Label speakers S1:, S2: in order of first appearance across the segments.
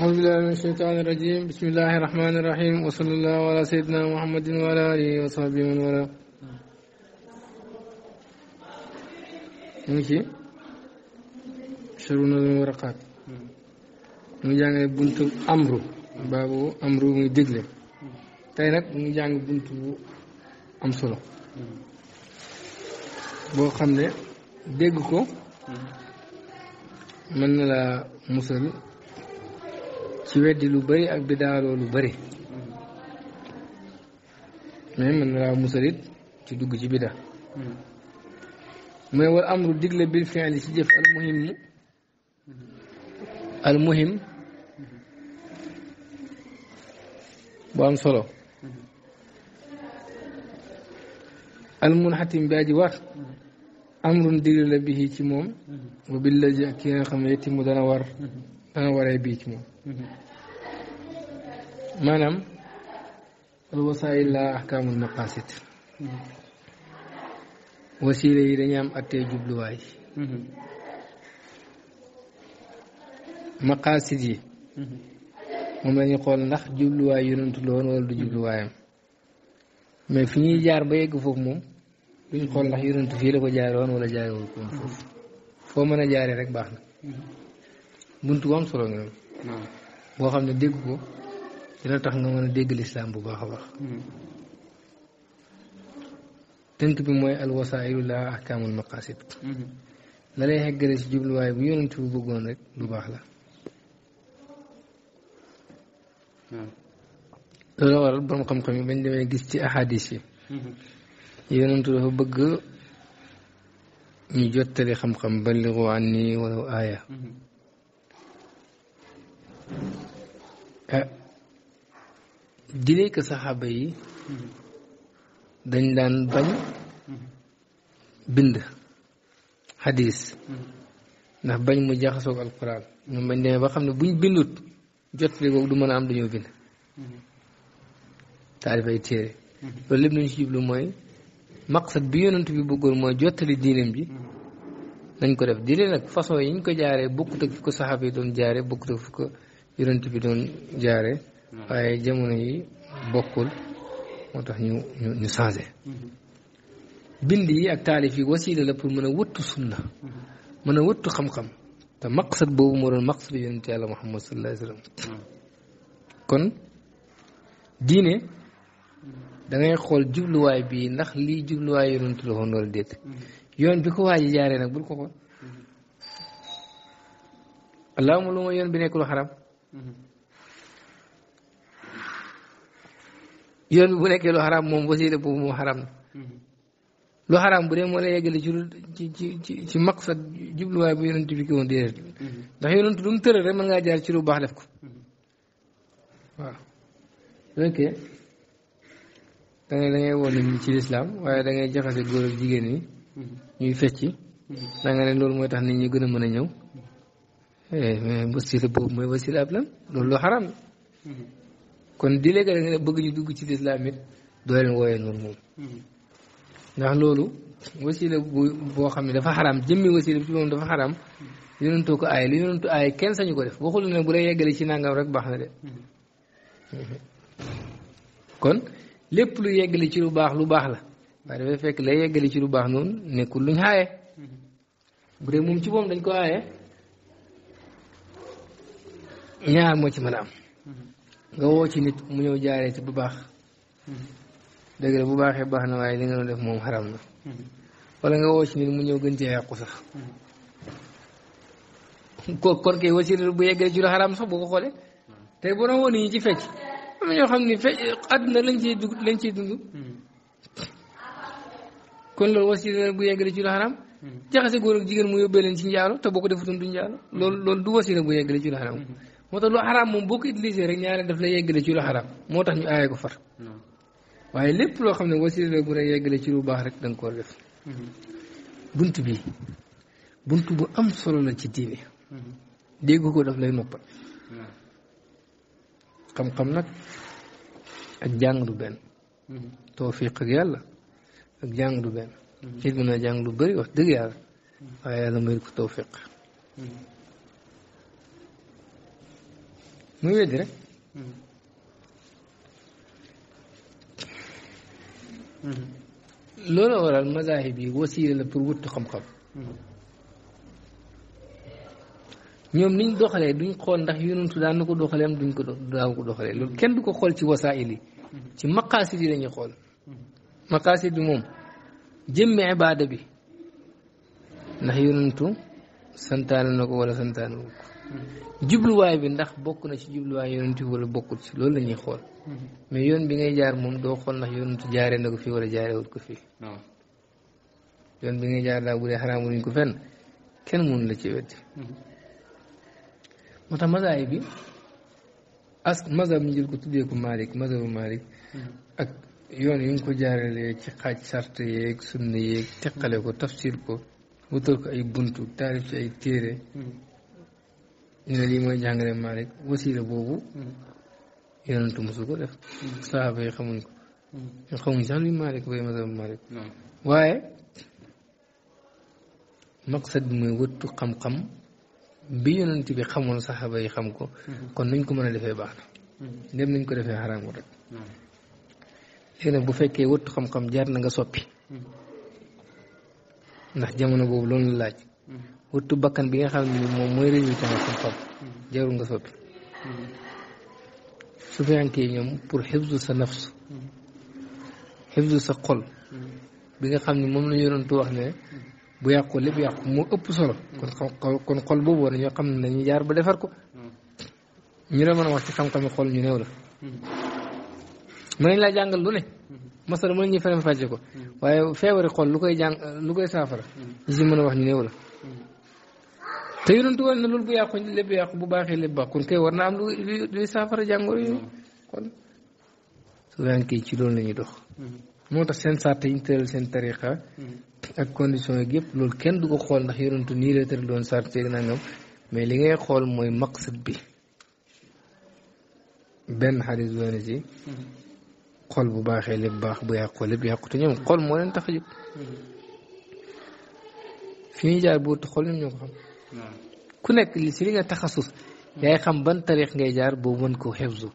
S1: أعوذ بالله من الشيطان الرجيم بسم الله الرحمن الرحيم وصلى الله على سيدنا محمد وعلى آله وصحبه من والاه ماشي شرون الورقات mu بنت أمرو بابو أمرو من muy dégle tey بنت mu بو buntu دجكو من لا مسلم ci weddi lu bëri ak bidaaloo lu bëri mais mën na laa musalit ci dugg ci bida mu ne wal amru digle bil fi'li ci jëf al muhim al muhim bu am solo al munxatim bi aji war amrun digle la bihi ci moom wa billaji ak ki nga xam ne yetimu dana war dana waree bii ci moom maanaam alwasail la ahkaamul maqasid wasiile yi dañu am attee jubluwaay maqasid yi moom la ñu xool ndax jubluwaay yonentu la woon du jubluwaayam mais fi ñuy jaar ba yegg foofu moom duñ xool ndax yonentu fii la ko jaare woon wala jaare foofu foo mën a jaare rek baax na buntu am solo nga bo xamne ne dégg ko dina tax nga mën a dégg lislaam bu baax wax baax tënk bi moy al wasailu la ahkaamul maqasid la lay xeggale ci jublu way bu yonent bu bëggoon rek lu baax la loolu war borom xam-xam yi bañ demé gis ci ahadis yi yonentu dafa bëgg ñu jottali xam-xam balighu anni walaw aaya dilee eh, ko saxaaba yi dañ daan bañ bind xadiis ndax bañ mu jaxasoog alquran ñoom bañ demee ba xam ne buñ bindut jot li googu du mën a am dañoo bind taalif ay téere loolu lépp nañu ci jublu mooy maqsad bi yonent bi bëggoon mooy jottali diinam ji nañ ko def dilee nag façon yi ñu ko jaaree bokkut ak fi ko saxaaba yi doon jaaree bokkut ak fi ko يرنت بدون جاري اي جمعني بوكل موتاخ ني ني سانجي بيندي اك تاليفي وسيله لا بور مانا سنه مانا ووتو خم خم تا مقصد بوبو مورن مقصد يونت الله محمد صلى الله عليه وسلم كون ديني دا ngay خول جبلو واي بي ناخ لي جبلو واي يونت لو هونول ديت يون بيكو واي جاري نك بول كوكو اللهم لو ما يون بي نيكو حرام Mm-hmm. yoon bu nekkee lu xaraam moom wasiila boobu moom xaraam na mm-hmm. lu xaraam bu dee moo lay yeggale ci ci ci ci ci maqsad jubluwaay bu yonent bi woon déedéet mm-hmm. ndax yonent lu mu tëral rek mën ngaa jaar ci lu baax def ko waaw ok da ngay da ngay ci lislaam waaye da ngay jaxase góor ak jigéen ñi ñuy fecci da ne loolu mooy tax nit ñi gën a mën a ñëw wasila eh, boobu mooy wasila ab lan loolu loo xaram
S2: la
S1: kon di léegi da nga bëgg ñu dugg ci lislaam it doo leen wooyee noonu moom ndax loolu wasila boo xam ne dafa xaram jëmmi wasila bi ci moom dafa xaram ko aay li yonentu aay kenn sañu ko def bu la ci nangam rek baax na de lépp lu yeggali ci lu baax lu baax la waaye fekk lay yeggali ci lu baax noonu nekkul luñ aaye bu dee moom ci moom dañ ko aaye ñaar moo ci mën a am nga woo ci nit mu ñëw jaaree ci bu baax dëgg la bu baaxee baax na waaye li nga doon def moom xaram na wala nga woo ci nit mu ñëw gën cee yàqu sax ko kon kay wasila bu yegg ci lu xaram sax boo ko woo nit ñi ci xam ne fecc àdduna lañ ciy lañ ciy dund kon loolu wasila bu yeggee ci lu xaram jaxase góor ak jigéen mu yóbbee leen ci njaalo te boo ko defutoon du njaalo loolu loolu du wasila bu yeggee ci lu xaram moo tax lu xaraam moom boo ko utilisé rek ñaareel daf lay yeggale ci lu xaraam moo tax ñu aaye ko far waaye lépp loo xam ne wasila la bu lay yeggale ci lu baax rek da nga def mm-hmm. bunt bi bunt bu am solo la ci diine mm-hmm. dégg ko daf lay noppal xam-xam nag ak jàng du benn mm-hmm. tawfiq yàlla ak jàng du benn nit mën a jàng lu bari wax dëgg yàlla waaye yàlla may ko tawfiq muy weddi rek loolu waral mazahib yi wasiila la pour wuttu xam-xam ñoom niñ doxalee duñ xool ndax yonentu daan na ko doxaleem duñ ko daan doxalee loolu kenn du ko xool ci wasaa'il yi ci maqaasid lañuy xool maqaasid bi moom jëmmi ibaada bi ndax yonentu santaane na ko wala santaane ko jubluwaay bi ndax bokk na ci jubluwaay yonent wala bokkul ci loolu lañuy xool mm-hmm. mais yoon bi ngay jaar moom doo xool ndax yonent jaaree na ko fii wala jaarewul ko fii yoon bi ngay jaar daa bu xaraamu luñ ko fenn kenn mënu la ci weddi mm-hmm. moo tax masaay bi ñu ko tuddee ko Malik mazhabu Malik mm-hmm. ak yoon yi nga ko jaaralee ci xaaj sart yeeg sunna yeeg teqale ko tafsir ko wutal ko ay buntu taarif ci ay téere ñu ne lii mooy jàngale Malick wasiila boobu yonentu mosu ko def mm. saaba yi xamuñ ko mm. ñu xamuñ sax li Malick bay mazhab Malick mm. waaye maqsad bi mooy wëttu xam-xam bi yonent bi xamoon saxaaba yi xam ko mm-hmm. kon nuñ ko mën a defee baax na mm-hmm. dem nañ ko defee xaraamul rek léegi nag bu fekkee wëttu xam-xam jaar na nga soppi ndax jamono boobu loolu laaj wuttu bakkan bi nga xam ne moom mooy résultat suñ xob jarul nga soppi su fiyankee ñoom pour xibsu sa nafs xibsu sa xol bi nga xam ne moom la ñu doon tu ne bu yàqu lépp yàqu moo ëpp solo kon kon xol boobu war ñoo xam ne dañuy ñu la mën a wax ci xol ñu néew la mën nañ laa jàngal lu ne masala mën nañuy faram fàcce ko waaye feebari xol lu koy saafara ñi hmm. si a wax ñu néew la te yonentu woon na loolu bu yàqu lépp yàqu bu baaxee lépp baax kon kay war naa am lu luy saafara jàngoro yi mm-hmm. kon souvent kii ci loolu la ñuy dox mm-hmm. moo tax seen sàrt yi ñu tëral seen tariqa mm-hmm. ak condition yi yëpp loolu kenn du ko xool ndax yonentu nii la tëral doon sàrt seeg nangam mais li ngay xool mooy maqsad bi benn xadis doon si xol bu baaxee lépp baax bu yàqoo lépp yàqu te ñoom xol moo leen tax a jóg fi ñuy jaar bu xol ñoom ñoo ko xam ku nekk li si li nga taxasus yaay xam ban tarix ngay jaar boo mën ko xefsu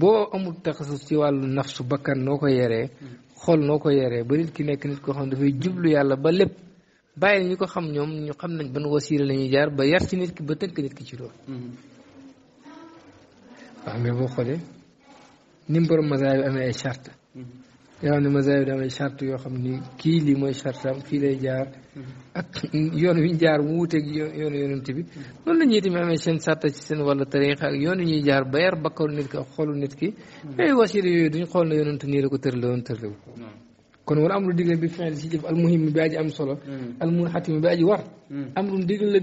S1: boo amul taxasus ci wàllu su bakkan noo ko yeree xol noo ko yeree ba nit ki nekk nit koo xam ne dafay jublu yàlla ba lépp bàyyi ñu ko xam ñoom ñu xam nañ ban wasiira la ñuy jaar ba yar ci nit ba tënk nit ki ci loolu boo xoolee ni mu borom mazaay amee ay charte yoo xam ne mazaay bi charte yoo xam ni kii lii mooy chartam kii lay jaar ak yoon wi ñu jaar mu wuuteeg yoon yonent bi noonu la ñuy tamit amee seen sàtta ci seen wàllu tariixa yoon wi ñuy jaar ba yar bakkaru nit ki ak xolu nit ki
S2: hmm. yooyu
S1: wasiila yooyu duñ xool na yonent nii hmm. bi fenn si jëf almuhim bi aji am solo hmm. almu xatim bi aji war amul lii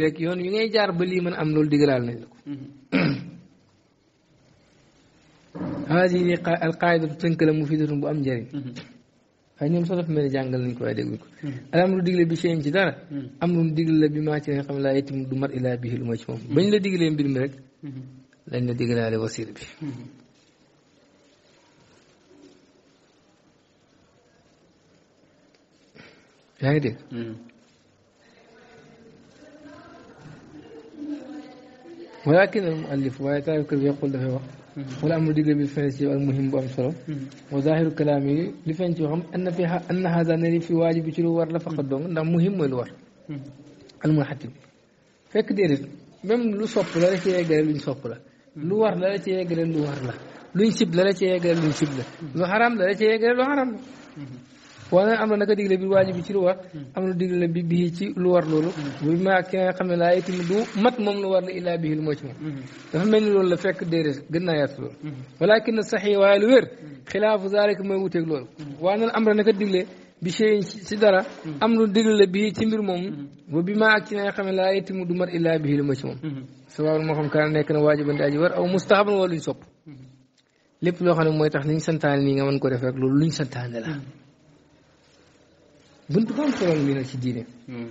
S1: rek am loolu digalaal nañ la ko هذه القاعدة تنقل مفيدة بأم جرين فاني مصرف من جانجل نكو هذا يقولك ألم ندقل بشيء جدار أم ندقل بما تنهي قم لا يتم دمر إلا به المجموم بين ندقل بالمرك لأن ندقل على وسيلة به يعني دي ولكن المؤلف ويتاكل يقول له وقت ولا مودي غي بفنسي المهم بام صلو وظاهر كلامي لفنتي وهم ان فيها ان هذا نري في واجب تشرو ور لا فقط دون دا مهم مول ور المحتم فك ديرت ميم لو سوب لا لا تي غير لو سوب لا لو ور لا لا تي غير لو ور لا لو سيب لا لا تي غير لو سيب لا لو حرام لا لا تي غير لو حرام wala am na naka digle bi waajibi ci lu war am na digle bi bii ci lu war loolu bu maa ki nga xam ne laa itam du mat moom lu war la illaa bihil moo ci moom dafa mel ni loolu la fekk déedéet gën naa yaatu loolu walakin saxi waaye lu wér xilaafu zaalika mooy wuteeg loolu waa nal am ra naka digle bi seen si dara am lu digle la bii ci mbir moom wa bi maa ak ci nga xam ne laa itam du mat illaa bihil moo ci moom sababu moo xam kaan nekk na waajiban di aji war aw mustahaban wala luñ sopp lépp loo xam ne mooy tax liñ santaane nii nga mën ko def rek loolu luñ santaane la bunt bu am solo mi nag ci diine hmm.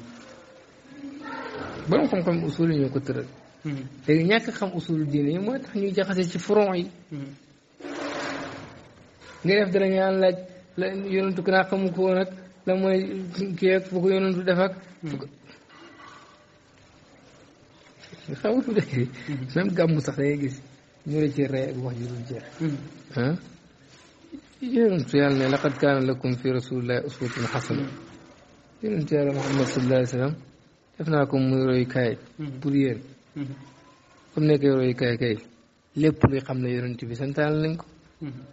S1: borom xam-xam usul yi ñoo ko tëral léegi hmm. ñàkk xam usulu diine yi mooy tax ñuy jaxase ci front yi hmm. nga def dara nga laaj la yonentu ko naa xamu ko woon ak la mooy kii ak fu ko yonentu def ak gàmmu sax dangay gis ñu la ci rey ak wax ji jeex yonentu yàlla ne laqad kaana lakum fi rasulillahi uswatun xasana yonentu yàlla muhammad sallallahu alayhi def naa ko muy royu kaay pour yéen comme nekkee royu kaay kay lépp luy xam ne yonent bi santaan nañ ko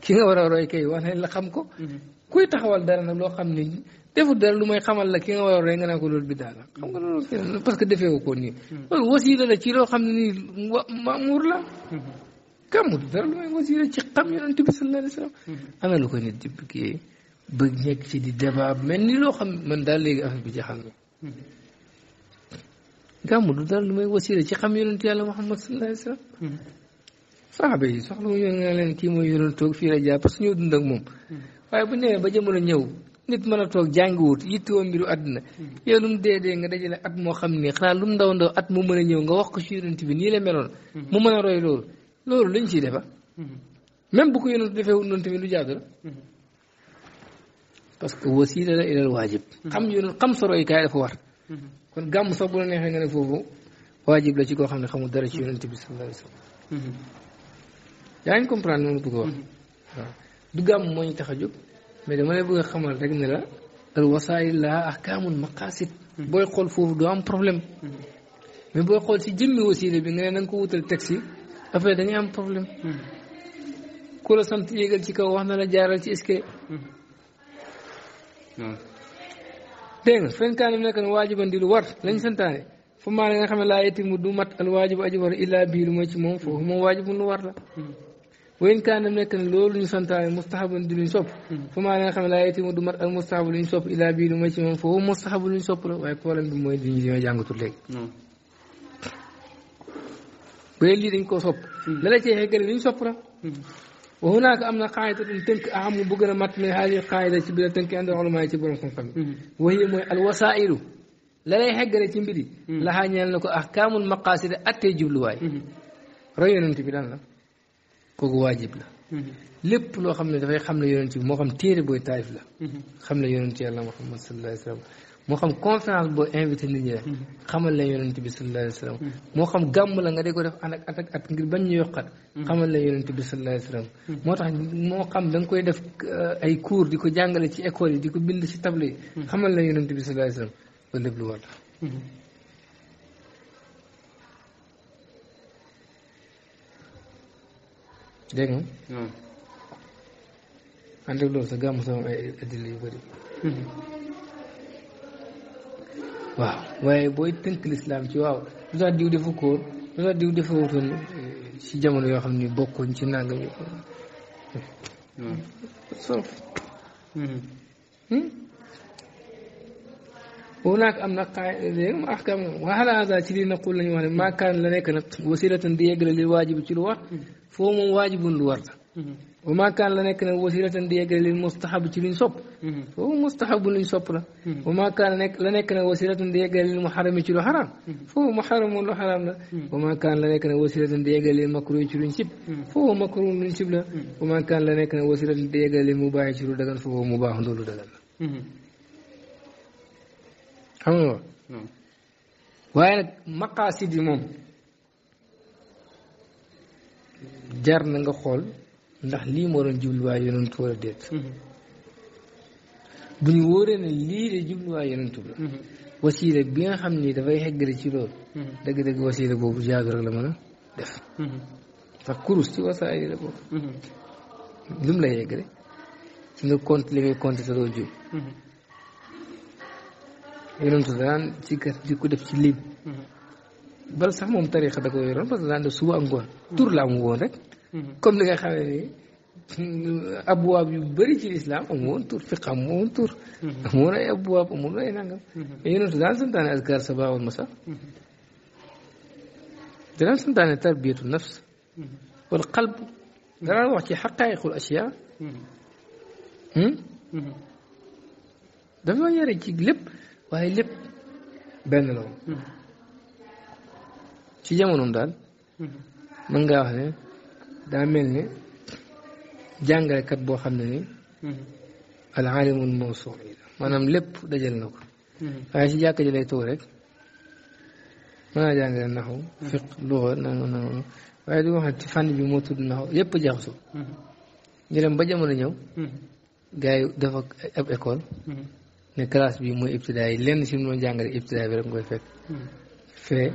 S1: ki nga war a roy kay wax nañ la xam ko kuy taxawal dara nag loo xam ni defut dara lu may xamal la ki nga war a roy naa ko loolu bi daal parce que defeewu ko nii loolu wasiila la ci loo xam ne nii mamuur la gàmmu du dara lu may wasiira ci xam yonent bi sallallahu alayhi mm-hmm. ko nit di bëggee bëgg di débat mel ni loo xam man daal léegi affaire bi jaxal na gàmmu mm-hmm. du dara lu may wasiira ci xam yonent yàlla Muhammad sallallahu alayhi wasallam mm-hmm. saxaaba yi soxla mu yoon nga leen kii mooy yoon toog fii la jàpp su ñëw dund ak moom waaye bu nee ba jamono ñëw nit mën a toog jàngiwut yittewoo mbiru àdduna yow lu mu dee dee nga dajale at moo xam ni xanaa lu mu ndaw ndaw at mu mën a ñëw nga wax ko ci yonent bi nii la meloon mu mën a roy loolu لولو لنجي دفا ميم بوكو يونس دفا ونون تي لو جادو باسكو وسيله الى الواجب خم يونس خم سورو اي كاي دفا وار كون غام سو بو نيه نغي فوفو واجب لا سي كو خامني خمو دارا سي يونس تي صلى الله عليه وسلم يعني كومبران نون بوكو دو غام موي تخاجو مي دا ماي بوغي خمال رك نلا الوسائل لها احكام المقاصد بوي خول فوفو دو ام بروبليم مي بوي خول سي جيمي وسيله بي نغي نانكو ووتال تاكسي affaire dangay am problème hmm. ku la sant yéegal ci kaw wax na la jaaral ci escalier hmm. Hmm. dégg nga fen kaani bi nekk na waajiban di lu war lañ santaane fu maa nga xam ne laa yetimu du mat al waajibu war illaa bii mooy ci moom foofu moom waajibu lu la wayn kaan nam nekk ne loolu ñu santaane mustahabu di luñ sopp xam ne laa yetimu du mat al mustahabu lu ñu sopp illaa bii lu mooy ci moom foofu mustahabu lu ñu sopp la waaye problème bi mooy diñu li ñoo jàngatul bu dee dañ koo hmm. sopp la la cee xeggale li ñu sopp la wa hunaaka am na xaayidatun tënk aham bu gën a mat mais xaalis xaayida ci biir tënk ànd xolumaay ci borom xam-xam waxiyi hmm. mooy alwasailu la lay ci mbiri hmm. laxaa ñeel na ko ahkaamul maqaasida attee jubluwaay roy yonent bi lan la kooku waajib la lépp loo xam ne dafay xam ne yonent bi moo xam téere booy taarif la xam la yonent yàlla Muhammad sallallahu alayhi wa moo xam conférence boo invité nit ñi rek mm-hmm. xamal la yonent bi sallallahu alayhi mm-hmm. moo xam gàmm la nga dee ko def an ak at ak ngir bañ ñu yokkat mm-hmm. xamal la yonent bi sallallahu alayhi wasallam moo tax moo xam danga koy def euh, ay cours di ko jàngale ci école yi di ko bind ci table yi xamal la yonent bi sallallahu alayhi loolu lépp lu sa gàmm sama ay adil yu bëri waaw waaye booy tënk lislaam ci waaw lu tax diw dafa kóor lu tax diw dafa wutoon eh, ci jamono yoo xam ne bokkuñ ci nangam yi
S2: solo hmm.
S1: hmm? hmm? hunaak am na qaa'idam ahkam wa ala hada ci li naqul lañu wax ne maa kaan la nekk nag wasilatan di yeggale li waajib ci lu war foo moom waajibun war la wa maa kaan la nekk nag wasilatan di yeggale lil mustahab ci luñ sopp mhm. foofu mustahabu luñ sopp la mhm. wa maa kaan la nekk la nekk nag wasilatan di yeggale lil muharami ci lu xaraam mhm. foofu muharamun lu xaraam la wa maa kaan la nekk nag wasilatan di yeggale lil makruhi ci luñ sib foofu makruhun luñ sib la wa maa kaan la nekk nag dagan la waaye nag moom jar na xool ndax lii moo doon jubluwaay yonent wala déet mhm. bu ñu wóoree ne lii de jubluwaay yonent la mhm. wasiila bi nga xam ni dafay xeggale ci loolu mhm. dëgg-dëgg wasiila boobu jaagu rek la mën a def ndax kurus ci wasaay la boobu lu mu lay yeggale ci nga compte li ngay compte te doo jub yonentu daan ci kër di ko def ci lim bal sax moom tarixa da ko yoroon parce que daan def suba ak ngoon tur la mu woon rek comme ni nga xamee ni abwaab yu bëri ci lislaam amu woon tur fiq amu woon tur mhm. abwaab amu woon ay nangam mais mhm. yonentu daan santaane azkar sabaa wal masa mhm. daan santaane tarbiyatu nafs wal qalb daan wax ci xaqaayiqul asiya hmm? dafa yare ci lépp waaye lépp benn la woon ci jamonoom daal mën ngaa wax ne daa mel ne jàngalekat boo xam ne ni
S2: mm-hmm.
S1: al alimul mawsuul maanaam lépp dajal na ko
S2: mm-hmm.
S1: waaye si jàkka ji lay toog rek mën naa jàngale naxu fiq luxa waaye du waxee ci fànn bi moo tudd naxu yépp jaxasoo mm-hmm. ñu ba jamono ñëw gars yi dafa ab école ne classe bi mooy ibtidaa lenn si mu doon jàngale ibtidaa bi rek ngoy fekk fee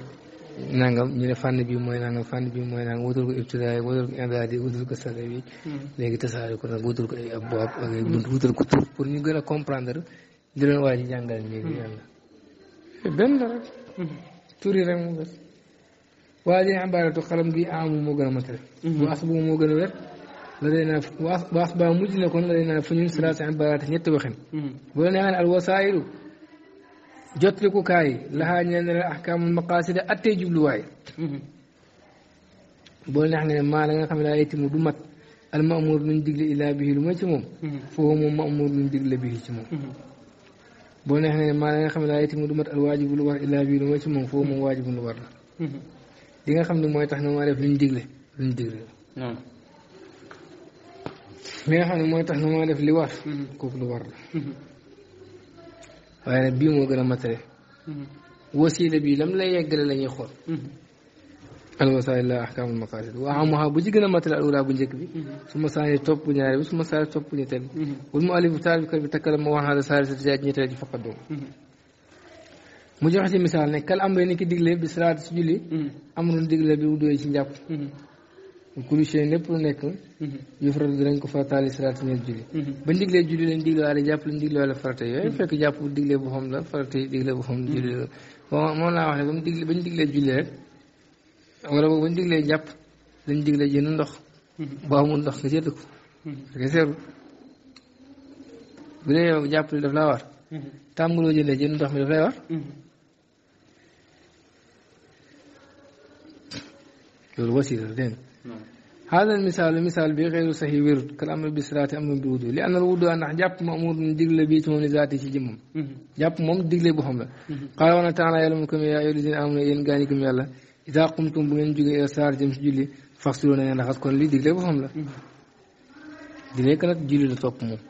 S1: nangam ñu ne fànn bi mooy nangam fànn bi mooy nangam wutal ko ibtidaay wutal ko indaad yi ko sare bi hmm. léegi tasaare ko nag wutal ko ay abwaab ak ay bunt wutal pour ñu gën a comprendre li leen waa ji jàngal léegi hmm. yàlla benn la rek hmm. yi rek mu des waa ji ambaaratu xalam gi amul moo a matal bu as boobu moo gën a wér la day naa waas baa mujj na kon la day naa fu ñun siraat ambaaraat ñetti waxin bu la neexee al wasaayilu jotliku kaay laxaa ñeen la ahkaamul maqaasida attee jubluwaay mhm. bool ne maa la nga xam ne laa yetimu du mat al maamuur luñ digle lu may ci moom mhm. foofu moom maamuur luñ digle bihi mhm. ne maa la nga xam ne laa yetimu du mat al waajibu lu war illaa bihi lu may ci moom foofu moom waajibu lu war la li nga xam ne mooy tax na ma def luñ digle luñ digle mooy tax na maa def li war kooku lu war la waaye nag bii moo gën a matale wasiila bii lam lay yeggale la ñuy xool alwasail la ahkaamul maqasid wa amuha bu ci gën a matale al ula bu njëkk bi su ma saani topp ñaare bi su ma saani topp ñetteel bi wal mu alifu taalifi kër bi takkala ma waxaala saari sa tijaaj ñetteel ji faqat doom mu joxe ci misaal ne kal amre ni ki digle bi salaat si julli amrun digle bi wu doy ci njàpp kulusee lépp lu nekk yufra du dañ ko farataali salaatu ñeent julli ba ndiglee julli lañ diglewaale jàpp lañ digle wala farata yooyu fekk jàpp diglee boppam la farata yi diglee boppam julli la bon moom laa wax ne ba mu digle bañ diglee julli rek wala boog bañ diglee jàpp lañ diglee jënd ndox boo amul ndox nga jënd ko nga seeru bu dee yow jàpp li daf laa war tàmbuloo jëndee jënd ndox mi daf lay war loolu wasiila la dégg hada misaalu misaal bi xeeru saxi wérut kal amr bi siraati am na bi wudu li anal wudu ndax jàpp maamur digle bii ci moom ni zaati ci jëmmam jàpp moom digle boo xam la xaala wana taala yàlla mu ko yaa ayyuhal lazina aamanu yéen gaa ñi gëm yàlla idaa qumtum bu ngeen jógee saar jëm si julli faxsilu na ngeen raxas kon lii digle boo xam la digle ko nag julli la topp moom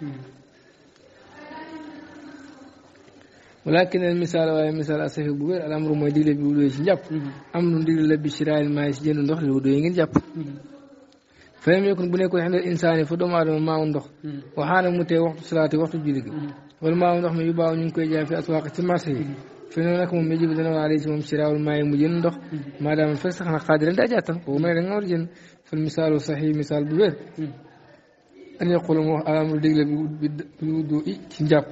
S1: ولكن المثال واي مثال اسف بوير الامر موي ديغلا بي ودوي سي جاب امن ديغلا لا بي شراي المايس جين ندوخ لي ودوي نين جاب فلم يكن بني كو خاندي انسان فدوم ادم ما ندوخ وحانا موتي وقت صلاه وقت جليغي ولما ندوخ مي يباو نين كوي في اسواق تي مارشي فين نك موم يجيب دنا علي سي موم شراي الماي مو ما دام فسخنا قادر دا جاتن هو مي رنغ نور جين صحيح مثال بوير ان يقول الامر ديغلا بي ودوي سي جاب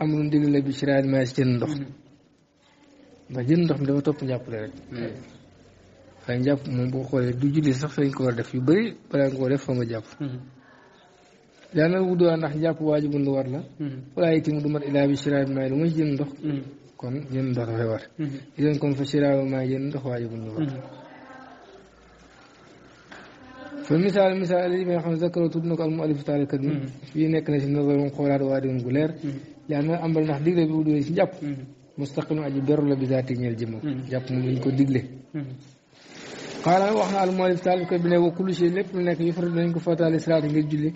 S1: am lu digal la bi ci raad si jënd ndox mm-hmm. ndax jënd ndox mi dafa topp njàppale rek mm-hmm. waaye njàpp moom boo xoolee du julli sax fañ ko def yu bëri balaa nga ko def nga jàpp daana mm-hmm. wudduwaa ndax njàpp waajibun lu war la walaa yitimu ndox kon jënd ndox dafay war yéen kon fa ci raad maa misaal misaal li nga xam ne zakaroo tudd na ko al muallif taalikat bi fii nekk na si nazarum xoolaat waa diwoon gu leer yaa ngi ambal ndax digle bi mu doy si njàpp. Mm-hmm. mustaqinu aji bi zaati ñeel jëmmam. Mm-hmm. jàpp moom lañ ko digle. xaaral mm-hmm. wax na al muallif taalif ko bi ne wa kullu shay lépp lu nekk yu faral ko farataale salaat ngir julli.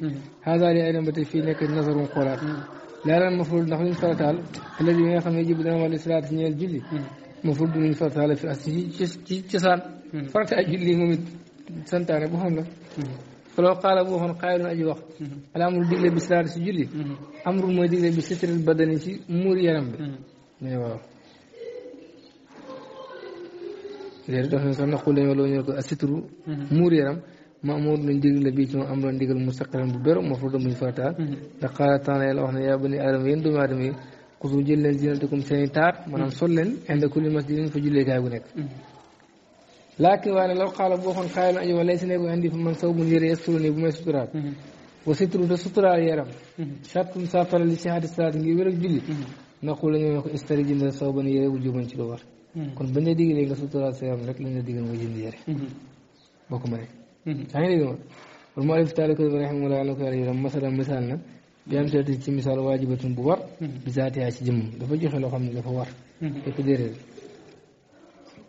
S1: xaasaale ay dem ba tey fii nekk nasarum xoolaat. laalaan maful ndax luñ farataal xale bi nga xam ne jib dana wàllu salaat ñeel julli. maful du luñ farataale fi as ci ci cosaan. farataay julli moom it santaane bu xam la. فلو قال أبوه قائل أي وقت الأمر دقل بسرار سجلي أمر ما دقل بستر البدن سي أمور يرم بي نيوه لأن الله سبحانه نقول لهم ولو يقول أستر أمور يرم ما أمور من دقل بيت ما أمر من دقل مستقر ببير laakin waaye law xaala bu waxoon xaayal aji wala si nekk andi fa man saw mun yére yasturu nii bu may suturaal mhm. wa sitru te suturaal yaram mhm. sartun saafara li si xaati salaat ngir wér ak julli mhm. la ñoo ne ko istari jënd saw ba ne yére bu juban ci lu war kon bañ la digalee nga suturaal sa yaram rek lañ la digal ko mënee saa ma wal muallif taali ko rahimahullah yàlla ko na bi am seeti ci misaal waajibatun bu war bi zaatiyaa ci jëmm dafa joxe loo xam ne dafa war fekk déedéet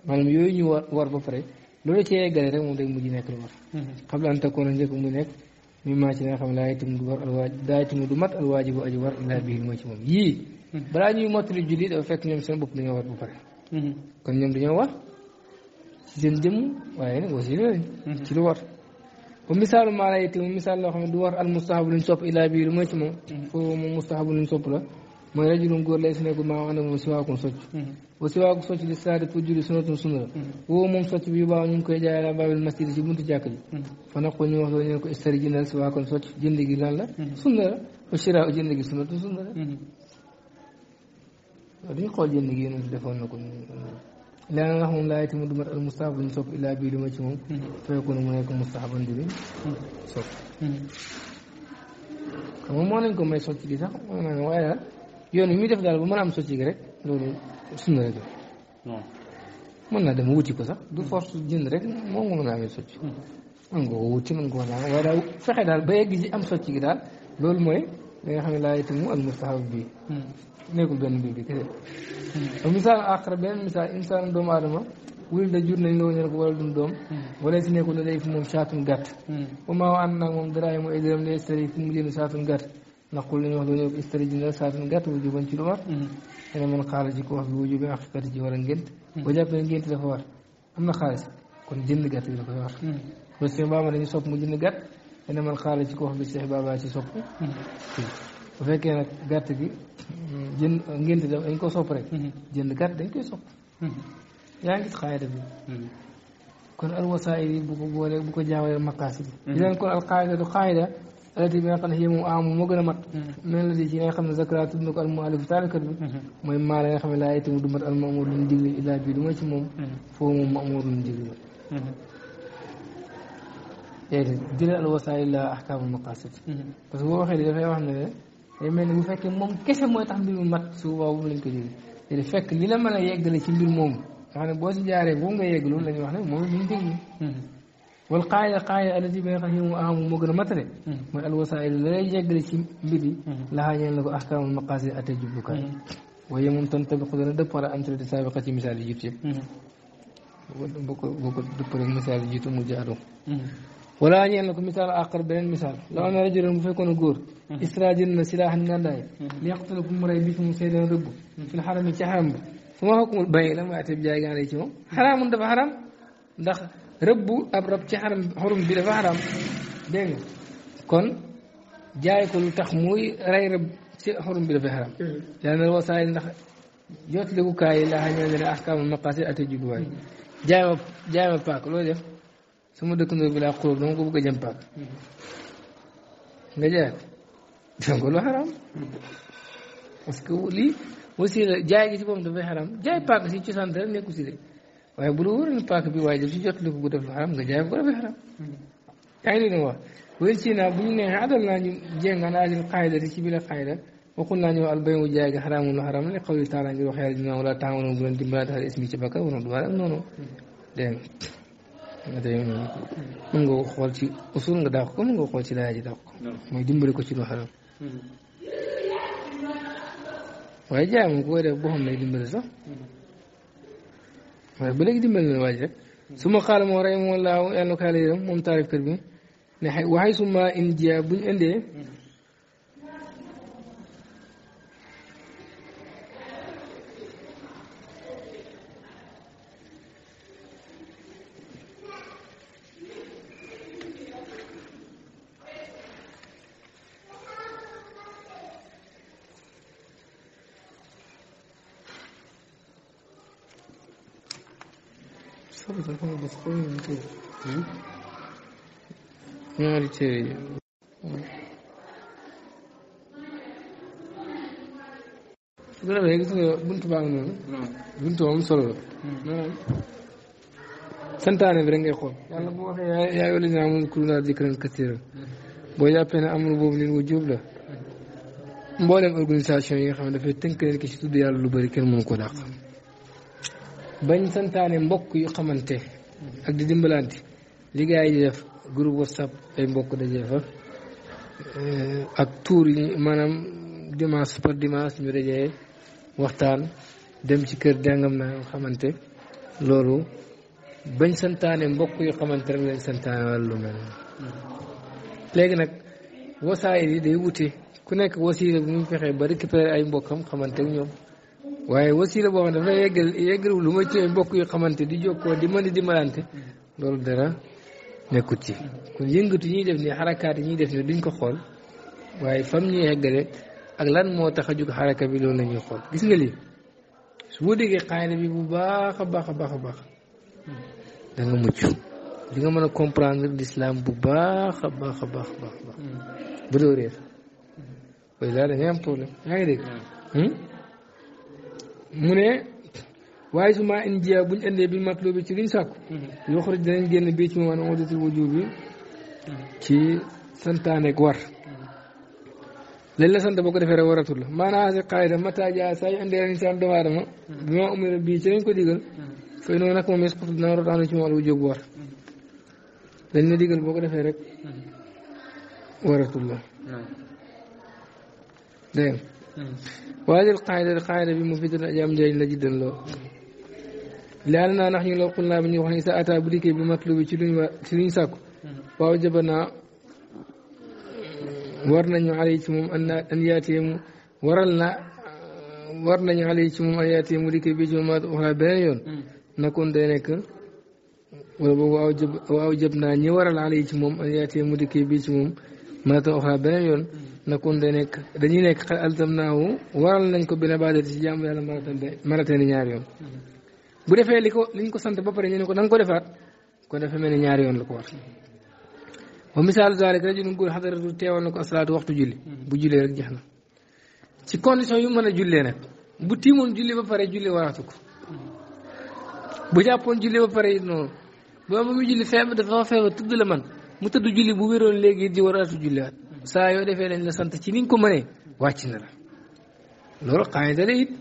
S1: maanaam yooyu ñu war war ba pare loolu ci yeggale rek moom day mujj nekk lu war mhm. xam la an takkoon a njëkk mu nekk mi maa ci nga xam ne laa yitamu du war alwaaj daa yitamu du mat alwaaji bu aji war laa bii mooy ci moom yii mhm. balaa ñuy mottali julli dafa fekk ñoom seen bopp dañoo war ba pare mhm. kon ñoom dañoo war ci seen jëmm waaye nag aussi loolu ci lu war ba misaalu maa laa yitamu misaal loo xam ne du war al mustahabu luñ sopp ilaa bii lu mooy ci moom foofu moom mustahabu luñ mooy rajulun góor lay si nekkul maa ànd moom si waakum socc mm-hmm. wa si waaku socc li saadi pour julli mm-hmm. woo moom socc bi baax ñu ngi koy jaay la baabil masjid ci buntu jàkk ji mm-hmm. fa nag ñu wax loolu ñu ko istari jëndal si waakum socc jënd gi lan la sunna la wa shiraa jënd gi sunnatun sunna la waaw duñu xool jënd gi yéen a defoon na ko leneen ndax moom laa yetimu du mat al mustaxab buñu sopp illaa bii li ma ci moom fekkoon mu nekk mustaxaban di luñ sopp xam moo nañ ko may socc di sax yoon wi muy def daal bu mën am socc gi rek loolu sunna la mën naa dem wuti ko sax du force jënd rek moom nga mën a amee socc hmm. mën nga wuti mën nga ko waaye daal fexe daal ba yegg ci am socc gi daal loolu mooy li nga xam ne laa yetimu al mustahab bi hmm. nekkul benn bii bi kese ba hmm. misaal àqra benn misaal insaan doomu aadama wul da jur nañ la woñal ko wala dum doom wala si nekkul la day fi moom saatum gàtt ba maa wa ànd nag moom daraay mu ay dërëm lay sari naqul li ñu wax doon yëpp istari dina saatan gàtt wujuban ci lu war mm-hmm. dana mën xaala ji ko wax bi wujubi aqiqati ji war a ngént mm-hmm. boo jàppee dafa war am na xaalis kon jënd gàtt bi da koy war question baama dañu sopp mu jënd gàtt dana mën xaala ci ko wax bi seex baaba ci sopp mm-hmm. bu fekkee nag gàtt gi mm, jënd ngént dañ ko sopp rek jënd gàtt dañ koy sopp yaa ngi gis xaayida kon al wasaayil bu ko boolee bu ko jaawalee maqaasi di leen kon al xaayida du xaayida التي بين قلبه هي مؤام مغرمت من الذي جينا خمس ذكرات ابنك المؤلف تارك مما لا يخم لا يتم دمر المأمور من دلي إلا بدمج مم فهو مأمور من دلي يعني دل الوسائل لا أحكام المقاصد بس هو خير أن فهمنا من أي من يفك مم كيف ما يتحمل مم سوى أول كذي إذا يعني فك لما لا يقدر يشيل يعني مم أنا بوزي جاري بونغ يقولون لأني أنا مم من دلي wal xaaya xaaya alati bi nga xam ne mu ahamu moo gën a matale hmm. mooy alwasaayil la lay yeggale ci mbir yi hmm. laxaa ñeen la ko ahkaamul maqaasid ate jublukaay hmm. waaye moom tan tabiqu dana dëpp ala amsalati saabiqa ci misaal yi jiitu yëpp boo ko boo ko dëppalee misaal yi jiitu mu jaadu wala ñeen la ko misaal àqar beneen misaal la a góor na silaaxan li yaqtala ku mu rey bi mu see dana rëbb fil xaram ci xaram bi dafa xaram rëbbu ab rab ci xaram bi dafa xaram dégg kon jaay ko lu tax muy rey rëbb ci xurum bi dafay xaram mm-hmm. lana wasaay ndax jot ligukaay yi laa xam ne ne ahkaamul maqaasid ate jaay ma jaay ma paak looy def sama dëkkandoo laa xuróob dama ko bëgg a jëm paak nga jaay que lii aussi jaay gi ci boppam dafay xaram jaay si cosaan dara nekku si de waaye bu la wóoral bi waaye daf ci jot li ko def lu xaram nga jaay ko dafay xaram yaa ngi wa wax wér ci naa bu ñu neexee adal naa ñu jéng an bi naa ñëw albay mu jaay ga xaraamul lu xaram la xawli taala ngir wax yàlla dinaa wala ci bakka wala duwaale ak noonu ko xool ci usul nga dàq ko mën nga ko mooy dimbali ko ci lu hmm. dimbali sax hmm. waaye ba léegi dimbali leen waaj rek su ma xaala moo rey moom laaw yàlla na ko yàlla yërëm moom taarif kër bi ne waxay suma in jiya buñ indee പഠിച്ചു കഴിഞ്ഞു ഇവിടെ baa ngi noonu hmm. buntu am solo la maanaam hmm. santaane bi rek ngay xool hmm. yàlla bu waxee yaa wala ñu amul kuru naa yi nga xam ne dafay tënk leen si tudd yàlla lu bari kenn mënu ko dàq bañ santaane mbokk yu xamante ak di dimbalante li yi di groupe whatsapp ay mbokk dajee fa eh, ak tuur yi maanaam dimanche par dimanche ñu waxtaan dem ci kër dengam naa xamante loolu bañ santaane mbokk yu xamante rek lañ santaane walla lu mel léegi nag wasaayil yi day wute ku nekk wasiila bu muy fexee ba récupérer ay mbokkam xamante ak ñoom waaye wasiila boo xam ne dafay lu ma ci mbokk yu xamante di jokkoo di mën di dimbalante loolu dara nekkut ci kon yëngatu yi ñuy def nii xarakaat yi ñuy def nii duñ ko xool waaye fam ñuy eggale ak lan moo tax a jug xaraka bi loolu la ñuy xool gis nga lii su boo déggee xaayda bi bu baax a baax a baax a baax da nga mucc di nga mën a comprendre l'islam bu baax a baax a baax a baax bu doo réer waaye daal da ngay am problème yaa ngi dégg hmm. Hmm? mu ne waaye su maa indi jiw bu ñu indee bi matlubi ci luñ sàkku. yoo xam ne dinañ génn bii ci moom maanaam wadatul wujub bi ci santaaneeg war. Mm-hmm. sant boo ko defee rek waratul la maanaam si xaayda mata jaa saa yu indee ren bi ci lañ ko digal. Mm-hmm. fay war. lañ mm-hmm. la digal boo ko defee rek. waratul la. dégg nga. waajal xaayda bi mu fi dina am njëriñ la jiddan lool. laal naa nax ñu la xul naa bi ñu wax ne sa ata bu dikkee bi matlu bi ci luñ wa ci luñ sàkku mm-hmm. waaw jaba war nañu alay ci moom an an mu waral na war nañu alay ci moom an yaatee beneen yoon mm. nakkoon day nekk wala waaw jëb naa ñi waral alay ci moom an yaatee mu dikkee bii yoon mm. nakkoon day nekk dañuy nekk xel naawu waral nañ ko benn baadati ci jàmm yàlla maraten ñaari yoon mm-hmm. bu defee li ko li liñ ko sant ba pare ñu ne ko nanga ko defaat ko dafa mel ni ñaari yoon la ko war wa misaalu zaalik rajulun góor xadaratu teewal na ko asalaatu waxtu julli bu jullee rek jeex na ci condition yu man a jullee nag bu tiimoon julli ba pare julli waraatu ko bu jàppoon julli ba pare it noonu boo ma muy julli feebar dafa feebar tudd la man mu tëdd julli bu wéroon léegi di waraatu julliwaat saa yoo defee lañ la sant ci ni ko mënee wàcc na la loolu xaay dara it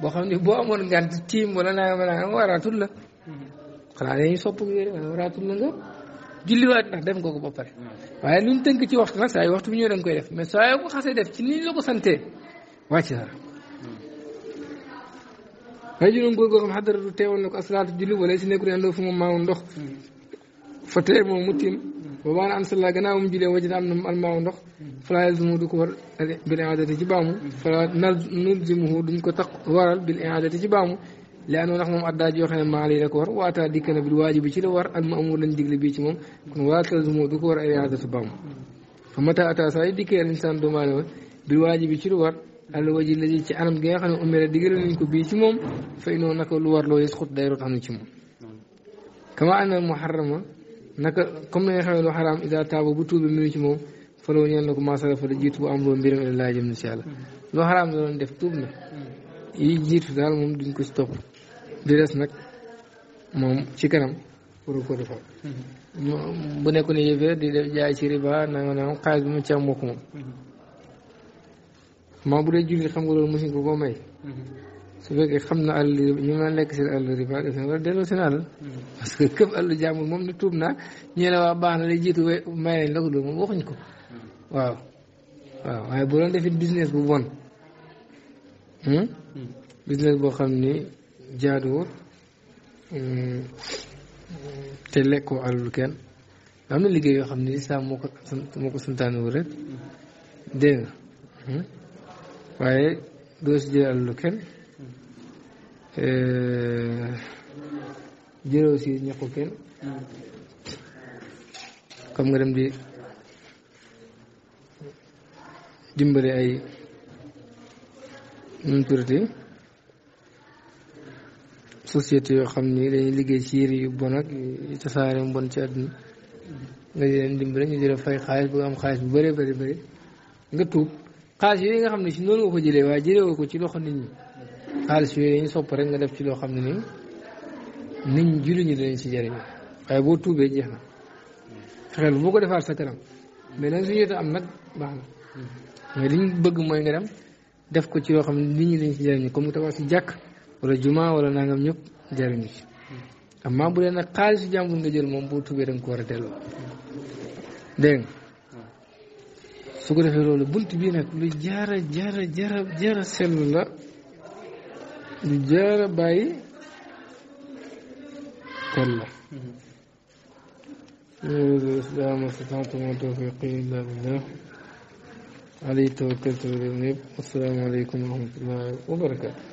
S1: boo xam ne boo amoon ngant tiim wala nangam nangam waraatul la xanaa dañuy sopp yére wala waraatul la nga julliwaat ndax def nga ko ba pare waaye luñ tënk ci waxtu nag saa yu waxtu bu ñëwee da koy def mais saa yoo ko xasee def ci ni ñu la ko santee wàcc dara waaye juróom góor goo xam si nekkul ne andoo fu moom maawu ndox hmm. fa tee mu tiim وبان عن سلا جناهم جل وجد أنهم الماء ونق فلا يلزم دكور بالإعادة تجبامه فلا نلزمه دمك تقور بالإعادة تجبامه لأنه نحن أدى جوخنا ما علي لكور وأتى ديكنا بالواجب تلوار المأمور لنجل بيتمم كن ولا تلزمه دكور إعادة تجبامه فمتى أتى سعيد ديك الإنسان دمانه بالواجب تلوار الواجب الذي تعلم جاخنا أمير ديكنا لنكو بيتمم فإنه نكو لوار لو يسخط دائرة عنه كما أن المحرمة naka comme na nga xamee lu xaraam ida taaba bu tuubi minu ci moom falaw ñeen la ko masala fa da jiitu bu am loo mbiram ila jëm ni si yàlla lu xaraam la doon def tuub na yi jiitu daal moom duñ ko si topp di des nag ci kanam ko defal bu nekku ne yëfee di def jaay ci riba nanga naam xaalis bi mu ci am moom maa bu dee jullit xam nga loolu mosuñ ko koo may su fekkee xam na àll ñu ma lekk seen àll riba def na a delloo seen àll parce que këpp àllu jàmbur moom ne tuub naa ñee la waa baax na lay jiitu may nañ loolu moom waxuñ ko waaw waaye bu doon defit business bu bon hmm? business boo xam ni jaaduwut hmm, te lekkoo àllul kenn am na liggéey yoo xam ni saa moo ko moo rek dégg nga hmm? waaye doo si jël àllul kenn Euh, jëloo siis ñaq ko kenn xam nga dem di dimbale ay ñun turité société yoo xam ni dañuy liggéey ci yére yu bon ak yu tasaare mbon ci àdduna nga di leen dimbale ñu jële fay xaalis bu am xaalis bu bëree bëri bëri nga tuub xaalis yooyu nga xam ne si noonu nga ko jëlee waaye jëlee ko ci loxo nit ñi xaalis yooyu dañu sopp rek nga def ci loo xam ne nii nit ñi julli ñi dinañ ci jëriñu waaye boo tuubee jeex na fexeel bu boo ko defaat sa kanam mais nag su yéete am nag baax na mais li ñu bëgg mooy nga dem def ko ci loo xam ne nit ñi dinañ ci jëriñu comme tabax si jàkk wala juma wala nangam ñëpp jëriñu ci amaa bu dee nag xaalisu jàmbur nga jël moom boo tuubee da ko war a delloo dégg nga su ko defee loolu bunt bii nag lu jara jara jara jara la lu jër a bàyyi xel la يريد الإسلام واستطعت ما توفيقي إلا بالله عليه توكلت والإنيب والسلام عليكم ورحمة الله وبركاته